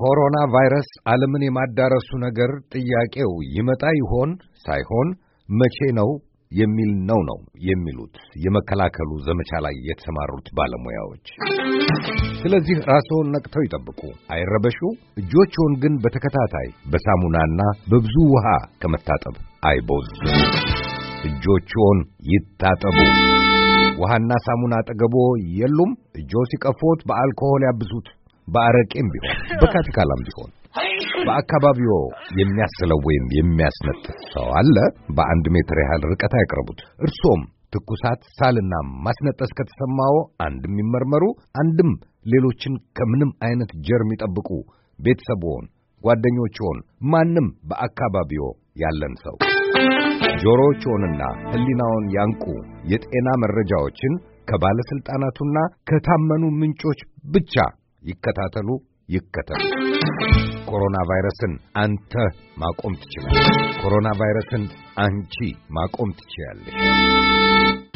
ኮሮና ቫይረስ ዓለምን የማዳረሱ ነገር ጥያቄው ይመጣ ይሆን ሳይሆን መቼ ነው የሚል ነው ነው የሚሉት የመከላከሉ ዘመቻ ላይ የተሰማሩት ባለሙያዎች። ስለዚህ ራስዎን ነቅተው ይጠብቁ፣ አይረበሹ። እጆችዎን ግን በተከታታይ በሳሙናና በብዙ ውሃ ከመታጠብ አይቦዝም። እጆችዎን ይታጠቡ። ውሃና ሳሙና አጠገቦ የሉም? እጆ ሲቀፎት በአልኮሆል ያብሱት። በአረቄም ቢሆን በካቲካላም ቢሆን በአካባቢዎ የሚያስለው ወይም የሚያስነጥስ ሰው አለ? በአንድ ሜትር ያህል ርቀት አይቅረቡት። እርሶም ትኩሳት፣ ሳልና ማስነጠስ ከተሰማዎ አንድም ይመርመሩ፣ አንድም ሌሎችን ከምንም አይነት ጀርም ይጠብቁ። ቤተሰብዎን፣ ጓደኞችዎን፣ ማንም በአካባቢዎ ያለን ሰው ጆሮዎችዎንና ሕሊናውን ያንቁ የጤና መረጃዎችን ከባለሥልጣናቱና ከታመኑ ምንጮች ብቻ ይከታተሉ ይከተሉ። ኮሮና ቫይረስን አንተ ማቆም ትችላለህ። ኮሮና ቫይረስን አንቺ ማቆም ትችላለሽ።